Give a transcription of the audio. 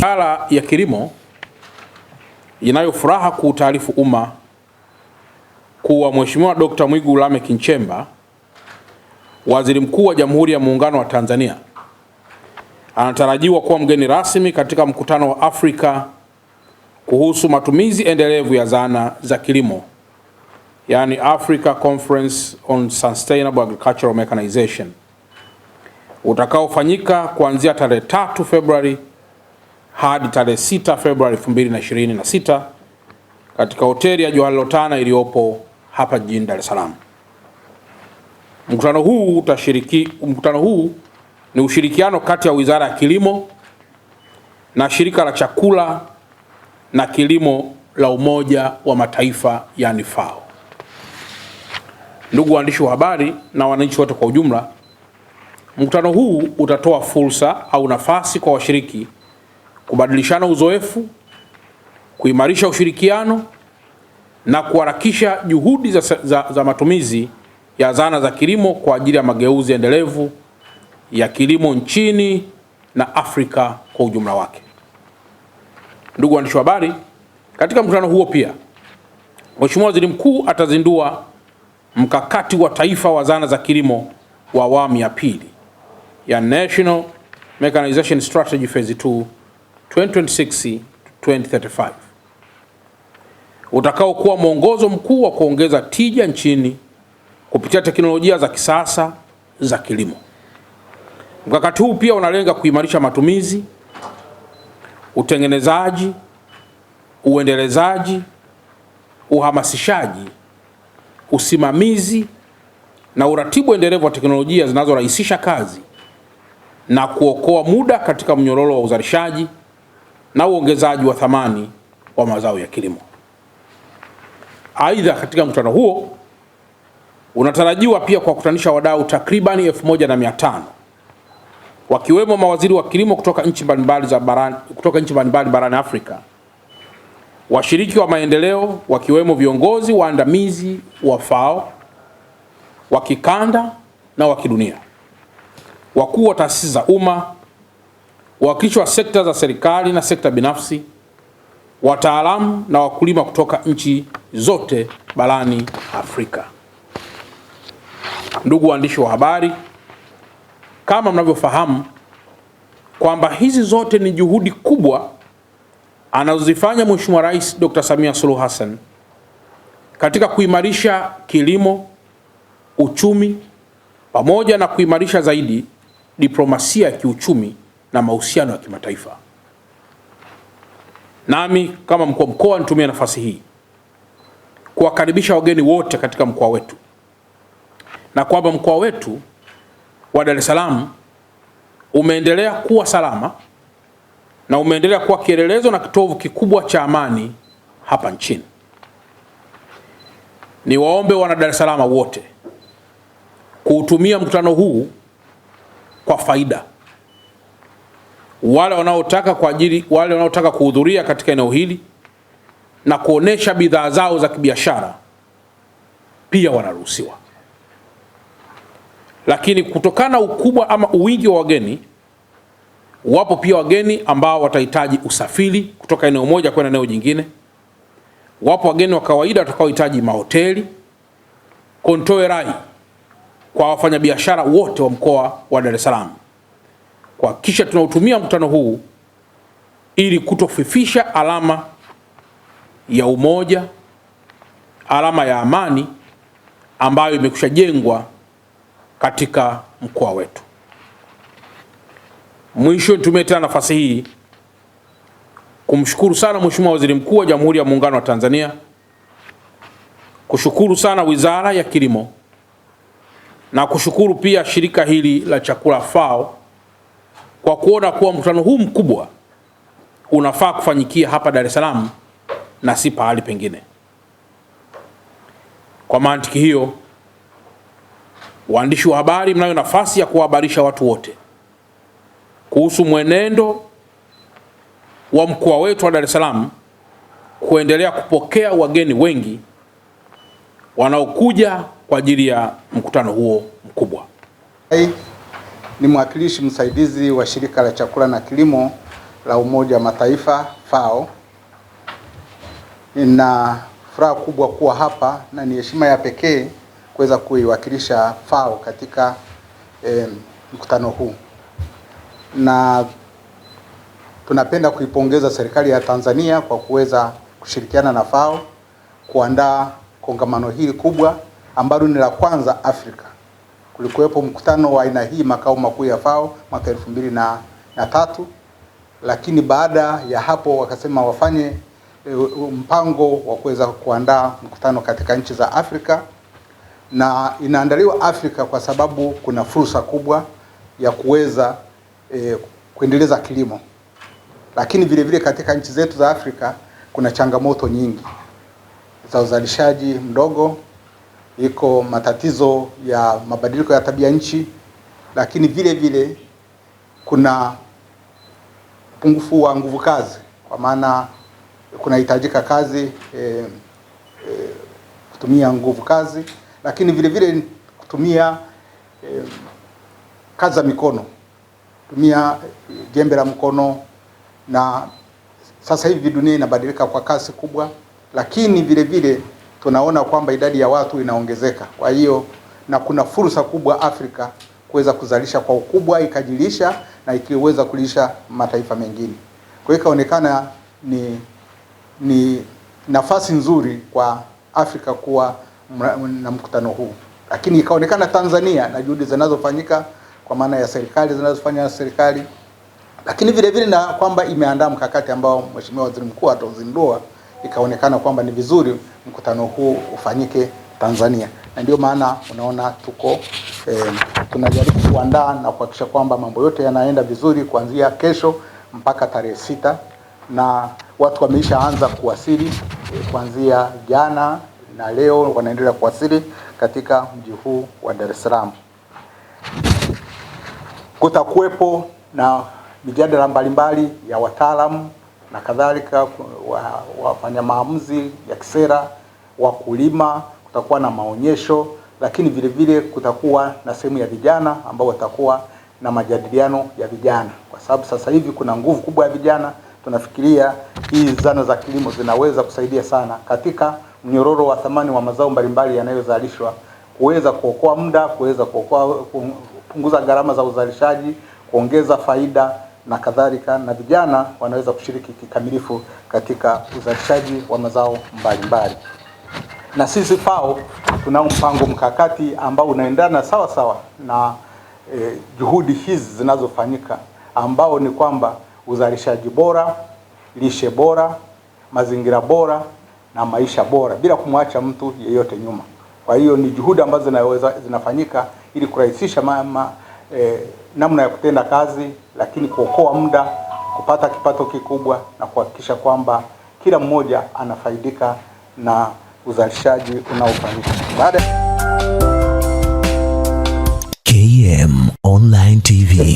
Wizara ya Kilimo inayo furaha kuutaarifu umma kuwa Mheshimiwa Dr. Mwigulu Lameck Nchemba, Waziri Mkuu wa Jamhuri ya Muungano wa Tanzania, anatarajiwa kuwa mgeni rasmi katika mkutano wa Afrika kuhusu matumizi endelevu ya zana za kilimo, yani Africa Conference on Sustainable Agricultural Mechanization utakaofanyika kuanzia tarehe 3 Februari hadi tarehe 6 Februari 2026 katika hoteli ya Johan Lotana iliyopo hapa jijini Dar es Salaam. Mkutano huu utashiriki, mkutano huu ni ushirikiano kati ya Wizara ya Kilimo na Shirika la Chakula na Kilimo la Umoja wa Mataifa yani FAO. Ndugu waandishi wa habari na wananchi wote kwa ujumla, mkutano huu utatoa fursa au nafasi kwa washiriki kubadilishana uzoefu, kuimarisha ushirikiano na kuharakisha juhudi za, za, za matumizi ya zana za kilimo kwa ajili ya mageuzi endelevu ya kilimo nchini na Afrika kwa ujumla wake. Ndugu waandishi wa habari, katika mkutano huo pia Mheshimiwa Waziri Mkuu atazindua mkakati wa taifa wa zana za kilimo wa awamu ya pili ya National Mechanization Strategy Phase 2026 2035 utakaokuwa mwongozo mkuu wa kuongeza tija nchini kupitia teknolojia za kisasa za kilimo. Mkakati huu pia unalenga kuimarisha matumizi, utengenezaji, uendelezaji, uhamasishaji, usimamizi na uratibu endelevu wa teknolojia zinazorahisisha kazi na kuokoa muda katika mnyororo wa uzalishaji na uongezaji wa thamani wa mazao ya kilimo. Aidha, katika mkutano huo unatarajiwa pia kuwakutanisha wadau takribani elfu moja na mia tano wakiwemo mawaziri wa kilimo kutoka nchi mbalimbali za barani, kutoka nchi mbalimbali barani Afrika, washiriki wa maendeleo wakiwemo viongozi waandamizi wa FAO wa kikanda na wa kidunia, wakuu wa taasisi za umma wawakilishi wa sekta za serikali na sekta binafsi, wataalamu na wakulima kutoka nchi zote barani Afrika. Ndugu waandishi wa habari, kama mnavyofahamu kwamba hizi zote ni juhudi kubwa anazozifanya Mheshimiwa Rais Dr. Samia Suluhu Hassan katika kuimarisha kilimo, uchumi pamoja na kuimarisha zaidi diplomasia ya kiuchumi na mahusiano ya kimataifa. Nami kama mkuu wa mkoa nitumie nafasi hii kuwakaribisha wageni wote katika mkoa wetu na kwamba mkoa wetu wa Dar es Salaam umeendelea kuwa salama na umeendelea kuwa kielelezo na kitovu kikubwa cha amani hapa nchini. Niwaombe wana Dar es Salaam wote kuutumia mkutano huu kwa faida wale wanaotaka kwa ajili wale wanaotaka kuhudhuria katika eneo hili na kuonesha bidhaa zao za kibiashara pia wanaruhusiwa, lakini kutokana ukubwa ama uwingi wa wageni, wapo pia wageni ambao watahitaji usafiri kutoka eneo moja kwenda eneo jingine. Wapo wageni wa kawaida watakaohitaji mahoteli. Kontoe rai kwa wafanyabiashara wote wa mkoa wa Dar es Salaam kuhakikisha tunautumia mkutano huu ili kutofifisha alama ya umoja, alama ya amani ambayo imekwisha jengwa katika mkoa wetu. Mwisho, nitumie tena nafasi hii kumshukuru sana Mheshimiwa Waziri Mkuu wa Jamhuri ya Muungano wa Tanzania, kushukuru sana Wizara ya Kilimo na kushukuru pia shirika hili la chakula FAO kwa kuona kuwa mkutano huu mkubwa unafaa kufanyikia hapa Dar es Salaam na si pahali pengine. Kwa mantiki hiyo, waandishi wa habari, mnayo nafasi ya kuwahabarisha watu wote kuhusu mwenendo wa mkoa wetu wa Dar es Salaam kuendelea kupokea wageni wengi wanaokuja kwa ajili ya mkutano huo mkubwa. Hey ni mwakilishi msaidizi wa shirika la chakula na kilimo la Umoja wa Mataifa FAO. Nina furaha kubwa kuwa hapa na ni heshima ya pekee kuweza kuiwakilisha FAO katika eh, mkutano huu na tunapenda kuipongeza serikali ya Tanzania kwa kuweza kushirikiana na FAO kuandaa kongamano hili kubwa ambalo ni la kwanza Afrika Kulikuwepo mkutano wa aina hii makao makuu ya FAO mwaka elfu mbili na, na tatu, lakini baada ya hapo wakasema wafanye eh, mpango wa kuweza kuandaa mkutano katika nchi za Afrika na inaandaliwa Afrika kwa sababu kuna fursa kubwa ya kuweza e, kuendeleza kilimo, lakini vile vile katika nchi zetu za Afrika kuna changamoto nyingi za uzalishaji mdogo iko matatizo ya mabadiliko ya tabia nchi, lakini vile vile kuna upungufu wa nguvu kazi, kwa maana kunahitajika kazi e, e, kutumia nguvu kazi, lakini vile vile kutumia e, kazi za mikono, kutumia jembe la mkono. Na sasa hivi dunia inabadilika kwa kasi kubwa, lakini vile vile tunaona kwamba idadi ya watu inaongezeka. Kwa hiyo na kuna fursa kubwa Afrika kuweza kuzalisha kwa ukubwa ikajilisha na ikiweza kulisha mataifa mengine. Kwa hiyo ikaonekana ni ni nafasi nzuri kwa Afrika kuwa na mkutano huu, lakini ikaonekana Tanzania na juhudi zinazofanyika kwa maana ya serikali zinazofanya serikali, lakini vile vile na kwamba imeandaa mkakati ambao Mheshimiwa Waziri Mkuu atauzindua ikaonekana kwamba ni vizuri mkutano huu ufanyike Tanzania, na ndio maana unaona tuko eh, tunajaribu kuandaa na kuhakikisha kwamba mambo yote yanaenda vizuri kuanzia kesho mpaka tarehe sita, na watu wameishaanza kuwasili eh, kuanzia jana na leo wanaendelea kuwasili katika mji huu wa Dar es Salaam. Kutakuwepo na mijadala mbalimbali ya wataalamu na kadhalika, wafanya maamuzi ya kisera, wakulima, kutakuwa na maonyesho, lakini vile vile kutakuwa na sehemu ya vijana ambao watakuwa na majadiliano ya vijana, kwa sababu sasa hivi kuna nguvu kubwa ya vijana. Tunafikiria hizi zana za kilimo zinaweza kusaidia sana katika mnyororo wa thamani wa mazao mbalimbali yanayozalishwa, kuweza kuokoa muda, kuweza kuokoa, kupunguza gharama za uzalishaji, kuongeza faida na kadhalika, na vijana wanaweza kushiriki kikamilifu katika uzalishaji wa mazao mbalimbali mbali. Na sisi FAO tunao mpango mkakati ambao unaendana sawa sawa na eh, juhudi hizi zinazofanyika ambao ni kwamba uzalishaji bora, lishe bora, mazingira bora na maisha bora bila kumwacha mtu yeyote nyuma. Kwa hiyo ni juhudi ambazo zinaweza zinafanyika ili kurahisisha mama eh, namna ya kutenda kazi, lakini kuokoa muda, kupata kipato kikubwa na kuhakikisha kwamba kila mmoja anafaidika na uzalishaji unaofanyika. Baada KM Online TV